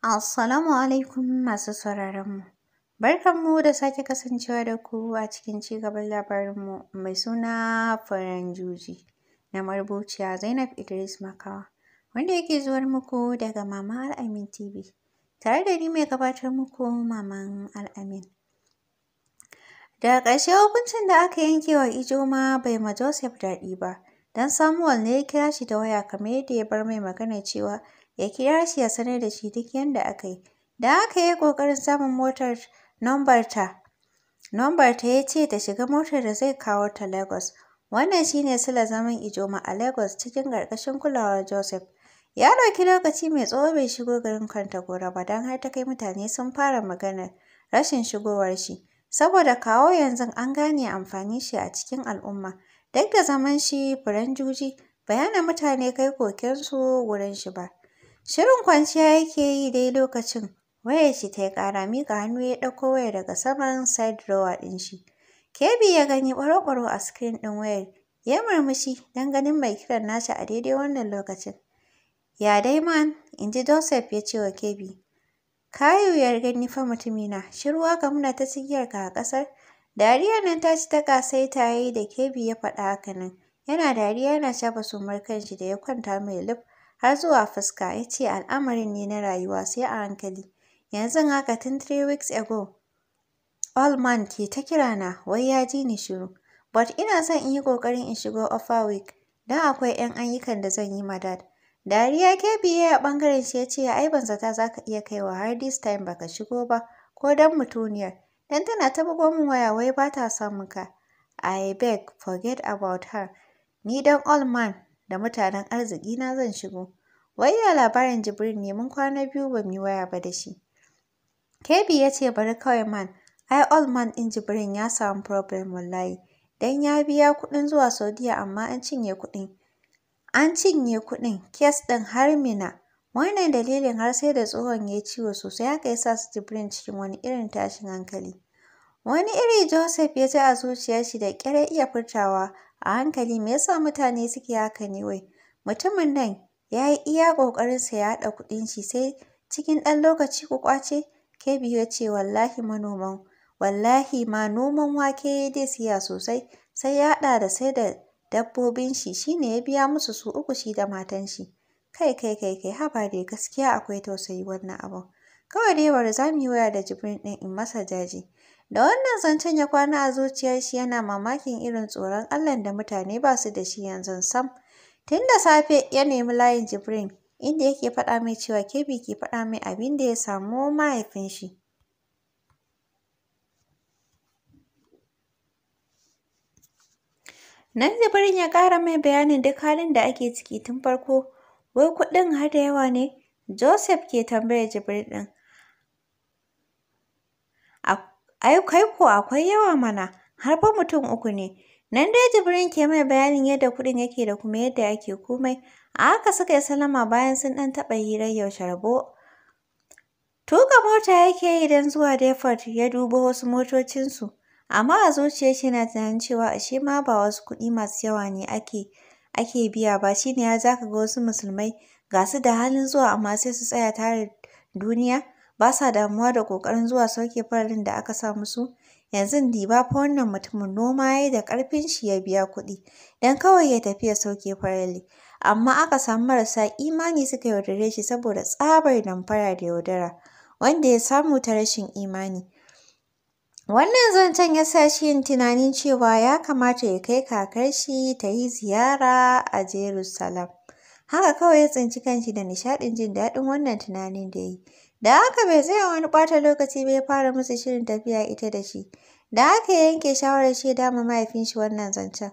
Assalamu alaikum masu sauraronmu. Barkanmu da sake kasancewa da ku a cikin cigaban labarinmu mai suna furen juji na marubuciya Zainab Idris Makawa wanda yake zuwar muku daga Mama Al'amin TV tare da ni mai gabatar muku Maman Al'amin. Daga ƙarshe hukuncin da aka yanke wa Ijoma bai ma Joseph daɗi ba don Samuel ne ya kira shi da waya kamar yadda ya bar mai magana cewa ya kira shi ya sanar da shi duk yadda aka yi. Da aka yi ƙoƙarin samun motar nombarta. ta ya ce ta shiga motar da zai kawo ta Lagos. Wannan shi ne sila zaman Ijoma a Lagos cikin ƙarƙashin kulawar Joseph. Ya ɗauki lokaci mai tsawo bai shigo garin gora ba don har ta kai mutane sun fara magana rashin shigowar shi. Saboda kawo yanzu an gane amfani shi a cikin al'umma. Duk da zaman shi furen juji, bayanan mutane kai kokensu wurin shi ba. Shirin kwanciya yake yi dai lokacin, wayar shi ta yi ƙara mika hannu ya ɗauko wayar daga saman side drawer ɗin shi. Kebi ya gani ɓaro-ɓaro a screen ɗin wayar, ya murmushi don ganin mai kiran nasa a daidai wannan lokacin. Ya dai man, in ji Joseph ya ce wa Kebi. yi wuyar gani fa mutumina, shirwa ka muna ta ka a ƙasar. Dariya nan ta ci ta ƙasai ta yi da Kebi ya faɗa haka nan. Yana dariya yana shafa sumar kanshi da ya kwanta mai lif. har zuwa fuska ya ce al'amarin ne na rayuwa sai a hankali. Yanzu haka tun three weeks ago All man ke ta kira na wai ya ji ni shiru. But ina son in yi ƙoƙarin in shigo offer week don akwai 'yan ayyukan da zan yi ma dad. Dariya kebiye a ɓangaren shi ya ce ai ban zata za ka iya kaiwa har this time baka shigo ba ko don mutuniyar. Dan tana ta bugo min waya wai ba ta son ka. I beg forget about her. Ni dan all man da mutanen arziki na zan shigo. Wai ya labarin Jibril ne mun kwana biyu ba mu yi waya ba da shi. Kebi ya ce bari kawai man, ai all man ɗin jibril ya samu problem wallahi. Dan ya biya kuɗin zuwa Saudiya amma an cinye kuɗin. An cinye kuɗin, kes ɗin har mina. Wannan dalilin har sai da tsohon ya ciwo sosai haka ya sa su jibril cikin wani irin tashin hankali. Wani iri Joseph ya ji a zuciyar shi da ƙyar iya furtawa a hankali me yasa mutane suke haka ne wai mutumin nan ya yi iya ƙoƙarin sa ya haɗa kuɗin shi sai cikin ɗan lokaci ku ƙwace ke ya ce wallahi manoman wallahi ma noman wake ya dai siya sosai sai ya haɗa da sai da dabbobin shi shine ya biya musu su uku shi da matan shi kai kai kai kai haba dai gaskiya akwai tausayi wannan abun kawai dai bari za mu yi waya da jibrin ɗin in masa jaji Da wannan zancen ya kwana a zuciyar shi yana mamakin irin tsoron Allahn da mutane ba su da shi yanzu sam. Tun da safe ya nemi layin Jibrin inda yake faɗa mai cewa Kebi ke faɗa mai abin da ya samu mahaifin shi. Nan Jibrin ya ƙara mai bayanin duk halin da ake ciki tun farko, wai kuɗin har da yawa ne? Joseph ke tambayar Jibrin ɗin. Ai kai ko akwai yawa mana, har fa mutum uku ne. Nan dai Jibrin ke mai bayanin yadda kuɗin yake da kuma yadda ake komai. A haka suka yi salama bayan sun ɗan taɓa hirar yaushe rabo. Tuka mota yake yi don zuwa Deford ya dubo wasu motocinsu. Amma a zuciyar shi na tunanin cewa ashe ma ba wasu kuɗi masu yawa ne ake ake biya ba shine ya har ga wasu musulmai ga su da halin zuwa amma sai su tsaya tare duniya ba sa damuwa da ƙoƙarin zuwa sauke faralin da aka sa musu yanzu diba fa wannan mutumin noma ya da karfin shi ya biya kuɗi dan kawai ya tafi ya sauke farali amma aka samu marasa imani suka yaudare shi saboda tsabar damfara da yaudara wanda ya samu ta rashin imani wannan zancen ya sa shi yin tunanin cewa ya kamata ya kai kakar shi ta yi ziyara a jerusalem haka kawai ya tsinci kanshi da nishaɗin jin daɗin wannan tunanin da ya yi Da haka bai tsaya wani ɓata lokaci bai fara musu shirin tafiya ita da shi. Da haka ya yanke shawarar shi ma mahaifin shi wannan zancen.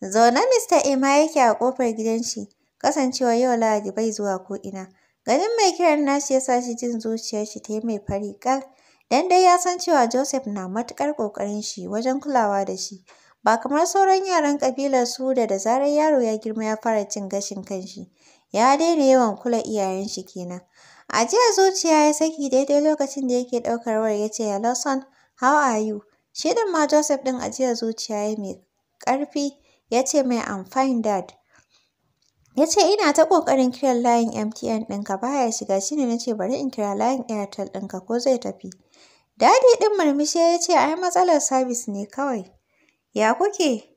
Zaune Mista Emma yake a kofar gidan shi, kasancewa yau Lahadi bai zuwa ko'ina. Ganin mai kiran nashi ya sa shi jin zuciyar shi ta yi mai fari kal Dan dai ya san cewa Joseph na matukar ƙoƙarin shi wajen kulawa da shi. Ba kamar sauran yaran kabilar su da da zarar yaro ya girma ya fara cin gashin kanshi. Ya daina yawan kula iyayen shi kenan. A jiya zuciya ya saki daidai lokacin da yake ɗaukar wayar ya ce hello son, how are you? Shi din ma Joseph ɗin jiya zuciya ya mai ƙarfi ya ce mai I'm fine dad. Ya ce ina ta ƙoƙarin kiran layin MTN ɗinka baya shiga shi ne na ce bari in kira layin Airtel ɗinka ko zai tafi. Dadi ɗin murmushi ya ce ai matsalar sabis ne kawai. Ya kuke?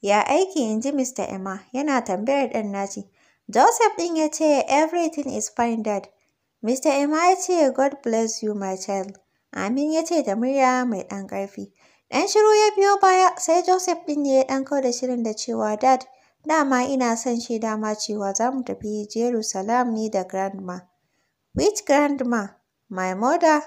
Ya aiki in ji Mr. Emma yana tambayar ɗan naci. Joseph ɗin ya ce everything is fine dad. Mr Emma ya ce, "God bless you, my child," Amin ya ce da murya mai ɗan ƙarfi. Ɗan shiru ya biyo baya, sai Joseph ɗin ne ya ɗan da shirin da cewa, "Dad, dama ina son shi dama cewa za mu tafi Jerusalem ni da grandma." "Which grandma? My mother?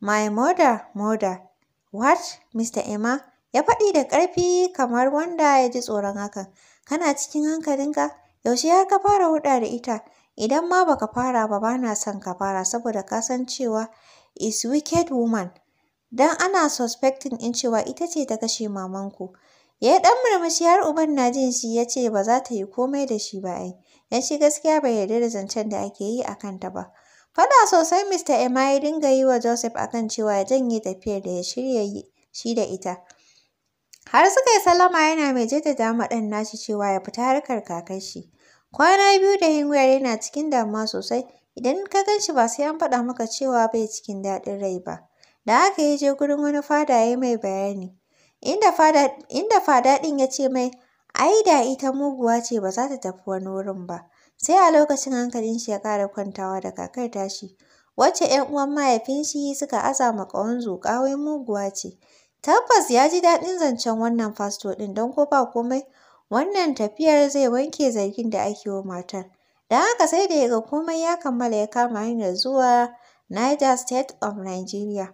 My mother, mother. What, Mr Emma?" Ya faɗi da ƙarfi kamar wanda ya ji tsoron hakan. "Kana cikin hankalinka? Yaushe har ka fara huɗa da ita?" Idan ma baka fara ba bana son ka fara saboda ka san cewa is wicked woman. Dan ana suspecting in cewa ita ce ta kashe mamanku. Ya yi ɗan murmushi har uban na jin shi ya ce ba za ta yi komai da shi ba ai. Dan shi gaskiya bai yarda da zancen da ake yi a kanta ba. Fada sosai Mr. Emma ya dinga yi wa Joseph akan cewa ya janye tafiyar da ya shirya shi da ita. Har suka yi salama yana mai jaddada ma ɗan nashi cewa ya fita harkar kakar Kwana biyu da Hewell yana cikin damuwa sosai, idan ka gan shi ba sai an faɗa maka cewa bai cikin daɗin rai ba. Da haka ya je gurin wani fada ya mai bayani, inda fada ɗin ya ce mai, ai da ita muguwa ce ba za ta tafi wani wurin ba. Sai a lokacin hankalin shi ya ƙara kwantawa da kakar tashi, wacce 'yan uwan mahaifin shi suka aza ma ƙahonzo ƙawai muguwa ce. Tabbas ya ji daɗin zancen wannan fasto ɗin don ko ba komai Wannan tafiyar zai wanke zargin da ake wa matar. Don haka sai da ya ga komai ya kammala ya kama hanyar zuwa Niger State of Nigeria.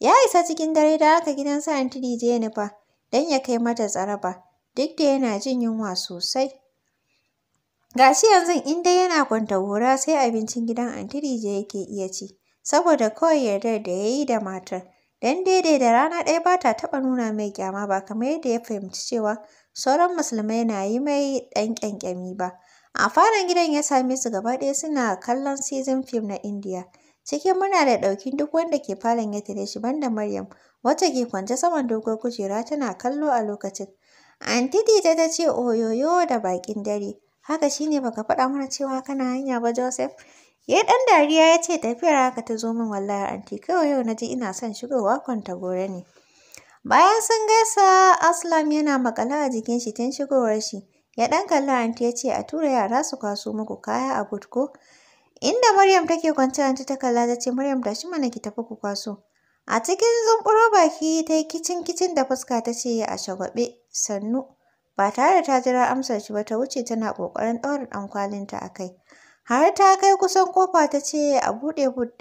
Ya isa cikin dare da haka gidan su Aunty DJ don ya kai mata tsaraba duk da yana jin yunwa sosai. Ga shi yanzu in dai yana kwanta hura sai abincin gidan Aunty yake iya ci saboda kawai yardar da ya yi da matar. Don daidai da rana ɗaya ba ta taɓa nuna mai kyama ba kamar yadda ya fahimci cewa sauran musulmai na yi mai ɗan ƙyanƙyami ba. A falon gidan ya same su gaba ɗaya suna kallon season fim na India. Cikin muna da ɗaukin duk wanda ke falon ya tare shi banda Maryam, wacce ke kwance saman dogon kujera tana kallo a lokacin. Anti Dija ta ce oyoyo da bakin dare, haka shi ne baka faɗa mana cewa kana hanya ba Joseph? Ya ɗan dariya ya ce tafiyar haka ta zo min wallahi anti kawai yau na ji ina son shigowa kwanta gore ne. Bayan sun gaisa, Aslam yana makala a jikin shi tun shigowar shi. Ya ɗan kalli anti ya ce a tura yara su kwaso muku kaya a butko. Inda Maryam take kwance anti ta kalla ta ce Maryam tashi mana ki tafi ku kwaso. A cikin zumburo baki ta yi kicin kicin da fuska ta ce a shagwabe sannu. Ba tare ta jira amsar shi ba ta wuce tana ƙoƙarin ɗaura ɗan kwalinta a kai. Har ta kai kusan kofa ta ce a buɗe but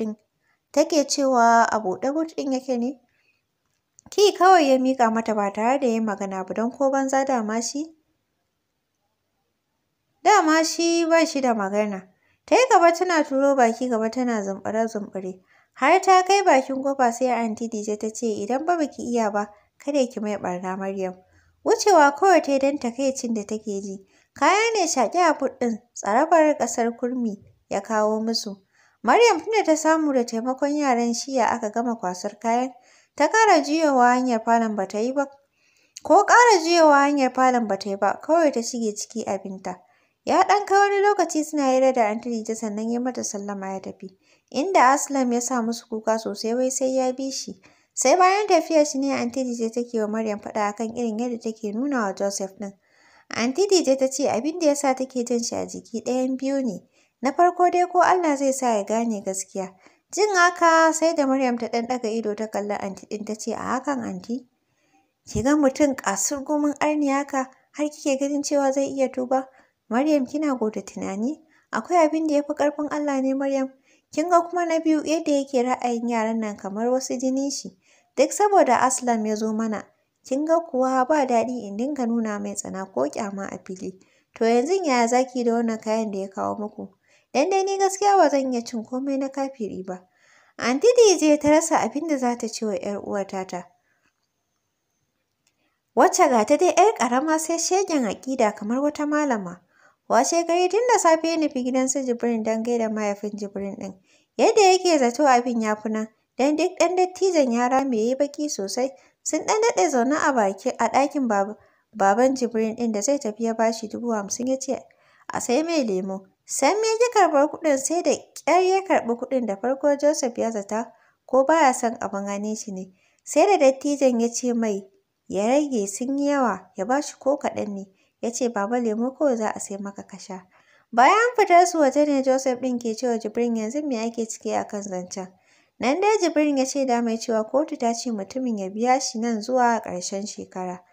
Take cewa a buɗe but ɗin yake ne? Ti kawai ya miƙa mata ba tare da yin magana ba don ko banza dama shi. Dama shi ba shi da magana. Ta yi gaba tana turo baki gaba tana zumbure-zumbure Har ta kai bakin kofa sai anti DJ ta ce idan ba baki iya ba kada ki mai ɓarna Maryam. Wucewa kawai ta yi don takaicin da take ji. Kaya ne shaƙi a ɗin tsarabar ƙasar kurmi ya kawo musu. Maryam tunda ta samu da taimakon yaran shiya aka gama kwasar kayan Ta ƙara juyowa hanyar falon ba ta yi ba. Ko ƙara juyowa hanyar falon ba ta yi ba, kawai ta shige ciki abinta. Ya ɗan kai wani lokaci suna hira da Antony sannan ya mata sallama ya tafi. Inda Aslam ya sa musu kuka sosai wai sai ya bi shi. Sai bayan tafiyar shi ne Antony ta take wa Maryam faɗa akan irin yadda take nuna wa Joseph ɗin. Anti DJ ta ce abin da ya sa take jin shi a jiki ɗayan biyu ne. Na farko dai ko Allah zai sa ya gane gaskiya. Jin haka sai da Maryam ta ɗan ɗaga ido ta kalli anti ɗin ta ce a hakan anti. Ki ga mutum ƙasar gumin arni haka har kike ganin cewa zai iya tuba. Maryam kina gode tunani? Akwai abin da ya fi ƙarfin Allah ne Maryam. Kin ga kuma na biyu yadda yake ra'ayin yaran nan kamar wasu jini shi. Duk saboda Aslam ya zo mana. Kin ga kuwa ba daɗi in dinga nuna mai tsana ko ƙyama a fili. To yanzu yaya zaki ki da wannan kayan da ya kawo muku? Dan dai ni gaskiya ba zan iya cin komai na kafiri ba. Anti DJ ta rasa abin da za ta ce wa 'yar uwata ta. Wacce ga ta dai 'yar ƙarama sai shegen aƙida kamar wata malama. wace gari tun da safe ya nufi gidan su Jibrin don gaida mahaifin Jibrin ɗin. Yadda yake zato abin ya fi nan, don duk ɗan dattijan yara mai yi baƙi sosai sun ɗan daɗe zaune a baki a ɗakin baban Jibrin ɗin da zai tafi ya bashi dubu hamsin ya ce a sai mai lemo. Sam ya ƙi karɓar kuɗin sai da ƙyar ya karɓi kuɗin da farko Joseph ya zata ko baya son abin hannun shi ne. Sai da dattijan ya ce mai ya rage sun yi yawa ya ba shi ko kaɗan ne. Ya ce baba lemo kawai za a sai maka ka sha. Bayan fitar su waje ne Joseph ɗin ke cewa Jibrin yanzu me ake ciki a kan zancen. Nan dai Jibrin ya ce da mai cewa kotu ta ce mutumin ya biya shi nan zuwa karshen shekara.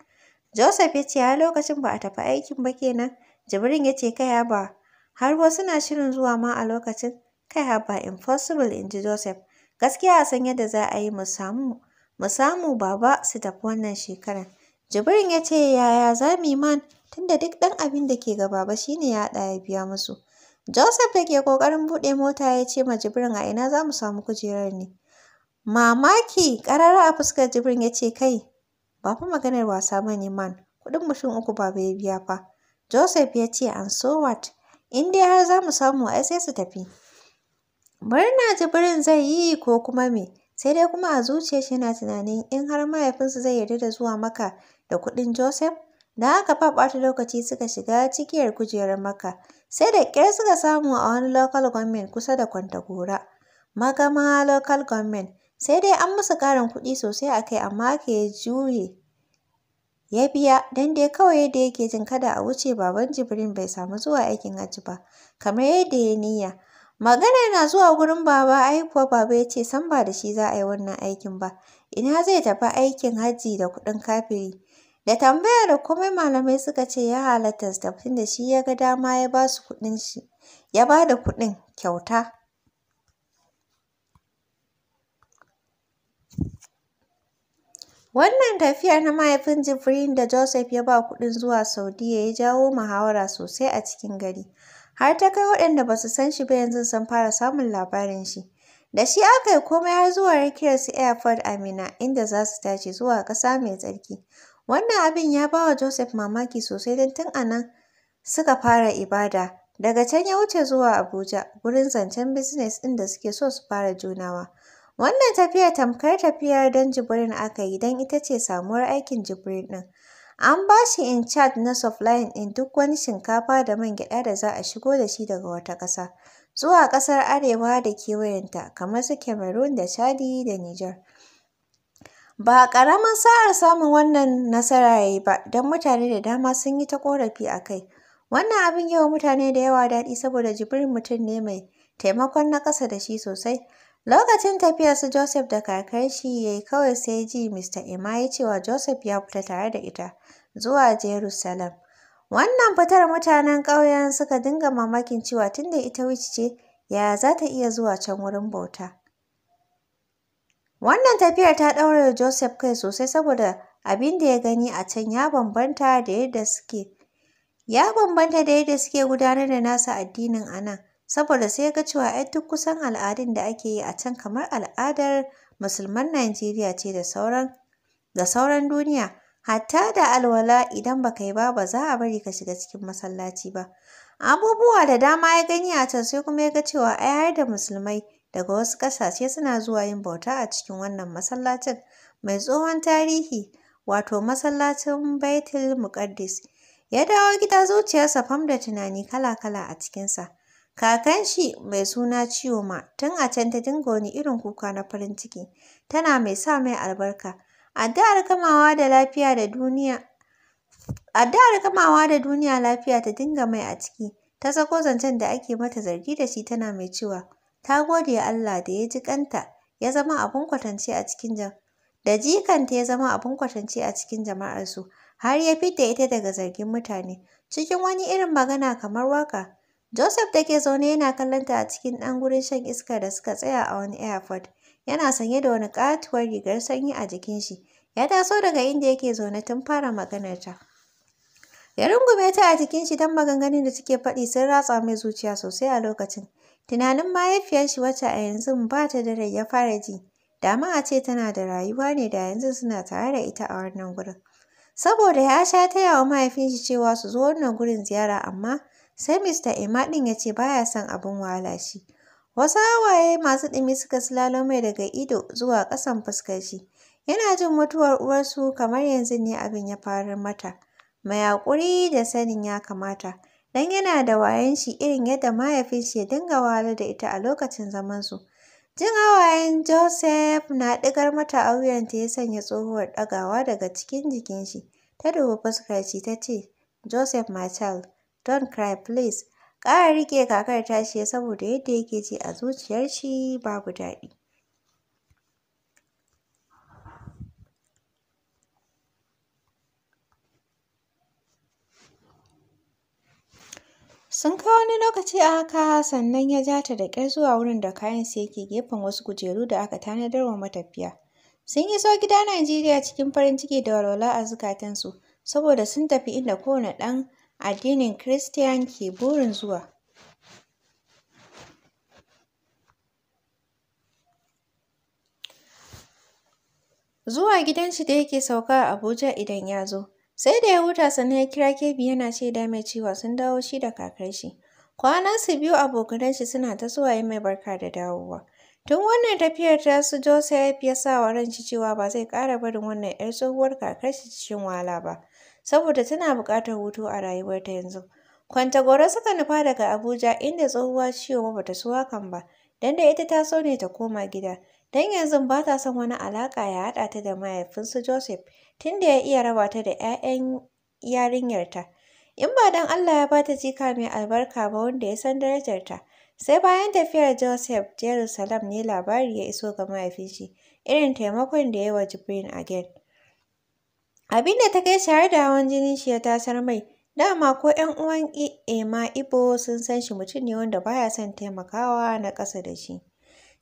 Joseph ya ce har lokacin ba a tafi aikin ba kenan. Jibrin ya ce kai ba Har wasu na shirin zuwa ma a lokacin? Kai haba impossible in ji Joseph. Gaskiya a san yadda za a yi mu samu mu samu baba su tafi wannan shekaran. Jibrin ya ce yaya za mu yi man tunda duk ɗan abin da ke ga baba shine ya hada ya biya musu. Joseph da ke ƙoƙarin buɗe mota ya ce ma Jibrin a ina za mu samu kujerar ne. Mamaki karara a fuskar Jibrin ya ce kai ba fa maganar wasa ba man kuɗin mutum uku baba ya biya fa. Joseph ya ce and so what? in dai har za mu samu ai sai su tafi murna jibrin zai yi ko kuma me sai dai kuma a zuciya shi yana tunanin in har mahaifinsu zai yarda da zuwa maka da kuɗin joseph da haka fa ɓata lokaci suka shiga cikiyar kujerar maka sai da ƙyar suka samu a wani local government kusa da kwantagora magama local government sai dai an musu ƙarin kuɗi sosai a kai amma ke juye ya biya don dai kawai yadda yake jin kada a wuce baban jibrin bai samu zuwa aikin hajji ba kamar yadda ya niyya magana na zuwa gurin baba ai baba ya ce san ba da shi za a yi wannan aikin ba ina zai tafi aikin hajji da kuɗin kafiri da tambaya da komai malamai suka ce ya halatta tafin da shi ya ga dama ya ba su kuɗin shi ya ba da kuɗin kyauta Wannan tafiyar na mahaifin Jibrin da Joseph ya ba kuɗin zuwa Saudiyya ya jawo muhawara sosai a cikin gari, har ta kai waɗanda ba su san shi ba yanzu sun fara samun labarin shi. Da shi aka yi komai har zuwa rakiyarsu airport a Minna, inda za su tashi zuwa ƙasa mai tsarki. Wannan abin ya ba wa Joseph mamaki sosai don tun a nan suka fara ibada. Daga can ya wuce zuwa Abuja, wurin zancen bizines ɗin da suke so su fara junawa. Wannan tafiya tamkar tafiyar don Jibrin aka yi don ita ce samuwar aikin Jibrin ɗin. An ba shi in charge na supplying ɗin duk wani shinkafa da man gyaɗa da za a shigo da shi daga wata ƙasa zuwa ƙasar Arewa da kewayenta kamar su Cameroon da Chadi da Nijar. Ba ƙaramin sa'ar samun wannan nasara ya yi ba don mutane da dama sun yi ta ƙorafi a kai. Wannan abin yi wa mutane da yawa daɗi saboda Jibrin mutum ne mai taimakon na ƙasa da shi sosai. Lokacin tafiyar su Joseph da kakar shi ya yi kawai sai ji Mr. Emma ya cewa Joseph ya fita tare da ita zuwa Jerusalem. Wannan fitar mutanen ƙauyen suka dinga mamakin cewa tunda ita wicce ce, yaya za ta iya zuwa can wurin bauta. Wannan tafiyar ta ɗaure Joseph kai sosai saboda abin da ya gani a can ya bambanta da yadda suke bambanta da yadda suke gudanar da nasa addinin anan. saboda sai ya ga cewa ai duk kusan al'adun da ake yi a can kamar al'adar musulman Najeriya ce da sauran da sauran duniya hatta da alwala idan baka yi ba ba za a bari ka shiga cikin masallaci ba abubuwa da dama ya gani a can sai kuma ya ga cewa ai har da musulmai daga wasu ƙasashe suna zuwa yin bauta a cikin wannan masallacin mai tsohon tarihi wato masallacin baitul muqaddis ya dawo gida zuciyarsa fam da tunani kala-kala a cikinsa Kakan shi mai suna Chioma tun a can ta dinga wani irin kuka na farin ciki, tana mai sa mai albarka. Addu'ar kamawa da lafiya da duniya lafiya ta dinga mai a ciki, ta sako zancen da ake mata zargi da shi tana mai cewa ta gode Allah da ya ji kanta ya zama abin kwatance a cikin da jikanta ya zama abin kwatance a cikin jama'arsu har ya fidda ita daga zargin mutane cikin wani irin magana kamar waka Joseph da ke zaune yana kallon ta a cikin ɗan gurin shan iska da suka tsaya a wani airport. Yana sanye da wani katuwar rigar sanyi a jikin shi. Ya taso daga inda yake zaune tun fara maganar ta. Ya rungume ta a jikin shi don maganganun da take faɗi sun ratsa mai zuciya sosai a lokacin. Tunanin mahaifiyar shi wacce a yanzu ba ta da rai ya fara ji. Da a ce tana da rayuwa ne da yanzu suna tare da ita a wannan gurin. Saboda ya sha taya wa mahaifin shi cewa su zo wannan gurin ziyara amma sai Mr. Emma ɗin ya ce baya son abin wahala shi. Wasu hawaye masu ɗumi suka silalo mai daga ido zuwa ƙasan fuskar shi. Yana jin mutuwar uwarsu kamar yanzu ne abin ya faru mata. Mai haƙuri da sanin ya kamata. Dan yana da wayan shi irin yadda mahaifin shi ya dinga wahalar da ita a lokacin zaman su Jin hawayen Joseph na ɗigar mata a wuyanta ya sanya tsohuwar ɗagawa daga cikin jikin shi. Ta dubi fuskar shi ta ce, Joseph Martel, Don cry please. Ƙara rike kakar tashi saboda yadda yake ji a zuciyar shi babu daɗi. Sun kai wani lokaci a haka sannan ya ja ta da ƙyar zuwa wurin da kayan su yake gefen wasu kujeru da aka tanadar wa matafiya. Sun iso gida Najeriya cikin farin ciki da walwala a su, saboda sun tafi inda kowane ɗan addinin Kiristiyan ke burin zuwa. Zuwa gidan shi da yake sauka a Abuja idan ya zo. Sai da ya huta sannan ya kira Kebbi yana shaida mai cewa sun dawo shi da kakar shi. su biyu abokanan shi suna ta zuwa yi mai barka da dawowa. Tun wannan tafiyar ta su Joseph ya sa wa ranshi cewa ba zai ƙara barin wannan 'yar tsohuwar kakar shi cikin wahala ba. saboda tana buƙatar hutu a rayuwarta yanzu. Kwantagoro suka nufa daga Abuja inda tsohuwa ba bata su hakan ba, don da ita ta so ne ta koma gida. Don yanzu ba ta son wani alaƙa ya haɗa ta da mahaifinsu Joseph, tunda ya iya raba ta da 'ya'yan yarinyarta. In ba don Allah ya bata jika mai albarka ba wanda ya san darajarta. Sai bayan tafiyar Joseph Jerusalem ne labari ya iso ga mahaifin shi, irin taimakon da ya yi wa Jibrin Again. Abin da ta kai shi da hawan jinin shi ya tasar mai. Dama ko ‘yan uwan Ema Ibo sun san shi mutum ne wanda baya son taimakawa na ƙasa da shi.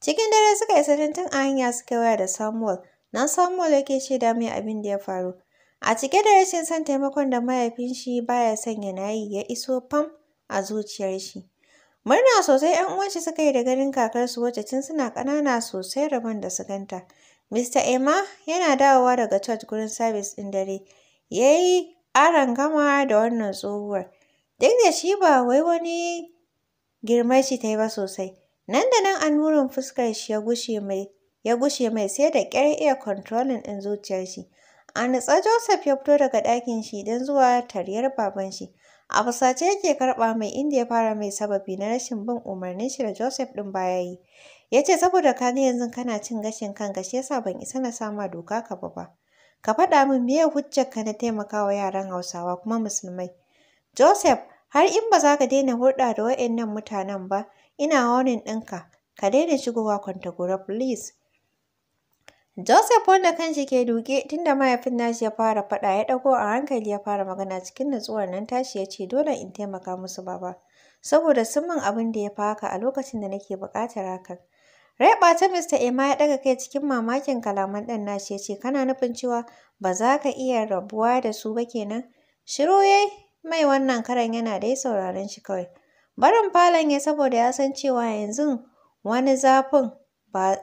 Cikin dare suka isa tun a hanya suka waya da Samuel. Nan Samuel yake da mai abin da ya faru. A cike da rashin son taimakon da mahaifin shi baya son ya nayi ya iso fam a zuciyar shi. Murna sosai ‘yan uwan shi suka yi da ganin kakarsu wacce tun suna ƙanana sosai rabon da su ganta. Mista Emma yana dawowa daga church gurin sabis ɗin dare, ya yi gama da wannan tsohuwar, duk da shi ba wai wani girma shi ta yi ba sosai. Nan da nan annurin fuskar shi ya gushe mai sai da ƙyar iya kontrolin ɗin zuciyar shi. A nutsa, Joseph ya fito daga ɗakin shi don zuwa taryar baban shi. A fusace yake karɓa mai inda ya fara mai sababi na rashin bin umarnin shi da Joseph ɗin baya yi. ya ce saboda ka ga yanzu kana cin gashin kan, shi yasa ban isa na sama doka ka ba ba ka faɗa min meye hujjar ka na taimaka wa yaran hausawa kuma musulmai joseph har in ba za ka daina hulɗa da wa'annan mutanen ba ina warning ɗinka ka daina shigowa kwantagora please Joseph wanda kanshi ke duke tunda mahaifin nashi ya fara faɗa ya ɗago a hankali ya fara magana cikin natsuwar nan tashi ya ce dole in taimaka musu ba ba saboda sun min abin da ya fi haka a lokacin da nake buƙatar hakan Reɓa ta Mr. Emma ya ɗaga kai cikin mamakin kalaman ɗan nashi ya ce, kana nufin cewa ba za ka iya rabuwa da su ba kenan? Shiru ya mai wannan karan yana dai sauraron shi kawai. Barin falon ya saboda ya san cewa yanzu wani zafin ba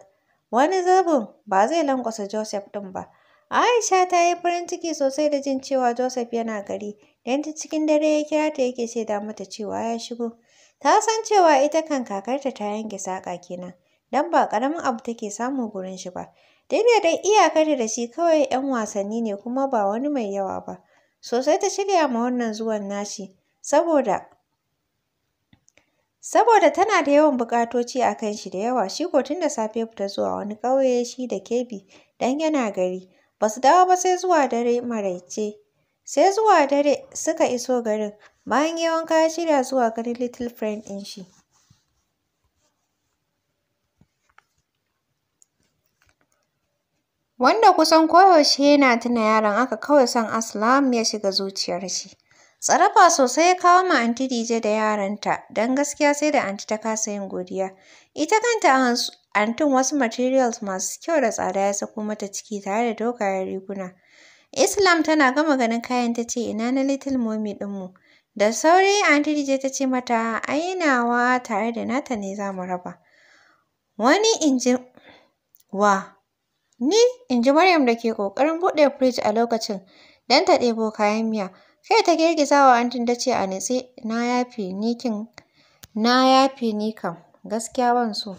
wani zafin ba zai lankwasa Joseph ɗin ba. Aisha ta yi farin ciki sosai da jin cewa Joseph yana gari, don ta cikin dare ya kira ta yake shaida mata cewa ya shigo. Ta san cewa ita kan kakarta ta yanke saƙa kenan. don ba ƙaramin abu take samun gurin shi ba. Daidai dai iyakar da shi kawai 'yan wasanni ne kuma ba wani mai yawa ba. Sosai ta shirya ma wannan zuwan nashi saboda saboda tana da yawan bukatoci a kan shi da yawa shi ko tun da safe ya fita zuwa wani ƙauye shi da Kebi dan yana gari. Ba su dawo ba sai zuwa dare maraice. Sai zuwa dare suka iso garin bayan ya wanka ya shirya zuwa ganin little friend ɗin shi. wanda kusan koyaushe yana tuna yaron aka kawai son Aslam ya shiga zuciyar shi. Tsarafa sosai ya kawo ma Anti dj da yaranta, don gaskiya sai da Anti ta kasa yin godiya. Ita kanta Antin wasu materials masu kyau da tsada ya sako mata ciki tare da dogayen riguna. Islam tana gama ganin kayan ta ce ina na Little Mommy ɗinmu. Da sauri Anti Dije ta ce mata ainawa tare da nata ne za mu raba. Wani injin? wa Ni, in ji Maryam da ke ƙoƙarin buɗe firij a lokacin don ta ɗebo kayan miya. Kai ta girgiza wa antin ta ce a natse, na yafe ni na yafe ni kam, gaskiya ban so.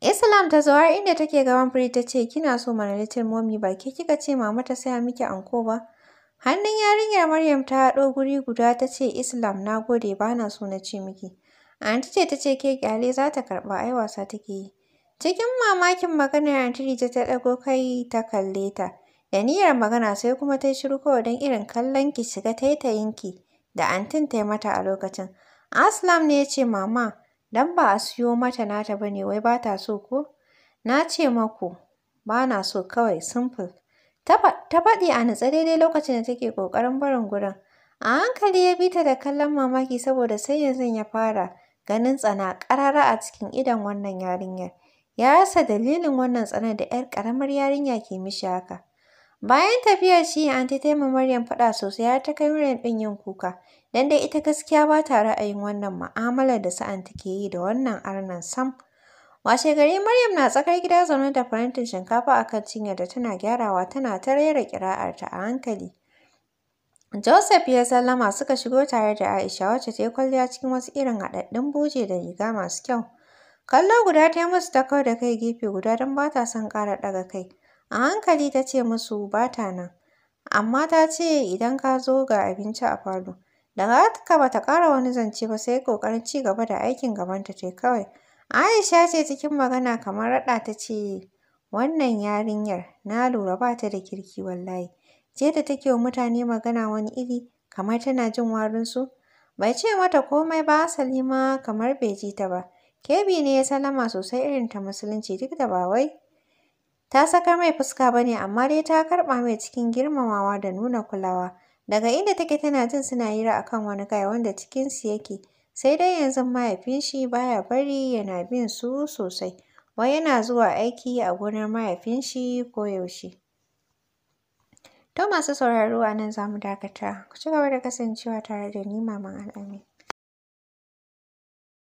Islam ta zo har inda take gaban firij ta ce kina so mana little mommy ba ke kika ce mama ta saya miki anko ba. Hannun yarinyar Maryam ta haɗo guri guda ta ce Islam na gode bana na so na ce miki. Anti ce ta ce ke za ta karɓa ai wasa take yi. Cikin mamakin maganar Antirija ta ɗago kai ta kalle ta. Da niyyar magana sai kuma ta yi shiru kawai don irin kallon ki shiga yinki da antin ta yi mata a lokacin. Aslam ne ya ce mama don ba a siyo mata nata ba ne wai ba ta so ko? Na ce maku ba na so kawai simple. Ta faɗi a natsa daidai lokacin da take ƙoƙarin barin gurin. A hankali ya bi ta da kallon mamaki saboda sai yanzu ya fara ganin tsana ƙarara a cikin idon wannan yarinyar. Ya rasa dalilin wannan tsanar da 'yar ƙaramar yarinya ke mishi haka. Bayan tafiyar shi, anti ta Maryam faɗa sosai ya ta kai Maryam ɗin yin kuka. Don dai ita gaskiya ba ta ra'ayin wannan mu'amalar da su anti ke yi da wannan arnan sam. Washe gari Maryam na tsakar gida zaune da farantin shinkafa a kan da tana gyarawa tana ta rera ƙira'arta a hankali. Joseph ya sallama suka shigo tare da Aisha wacce ta yi kwalliya cikin wasu irin haɗaɗɗun buje da riga masu kyau. Kallo guda ta musu ta kawar da kai gefe guda don ba ta son ƙara ɗaga kai. A hankali ta ce musu ba ta nan. Amma ta ce idan ka zo ga abinci a falo. Daga haka ba ta ƙara wani zance ba sai ƙoƙarin ci gaba da aikin gabanta tai kawai. Aisha ce cikin magana kamar raɗa ta ce wannan yarinyar na lura ba ta da kirki wallahi. Jiya da take wa mutane magana wani iri kamar tana jin warinsu. Bai ce mata komai ba asali ma kamar bai ji ta ba. Kebi ne ya sallama sosai irin ta musulunci duk da ba wai ta saka mai fuska bane amma dai ta karba mai cikin girmamawa da nuna kulawa. Daga inda take tana jin suna hira akan wani kai wanda cikin su yake. Sai dai yanzu mahaifin shi baya bari yana bin su sosai. Wai yana zuwa aiki a gonar mahaifin shi ko yaushe. To masu sauraro a nan za mu dakata. Ku ci gaba da kasancewa tare da ni Maman Al'amin.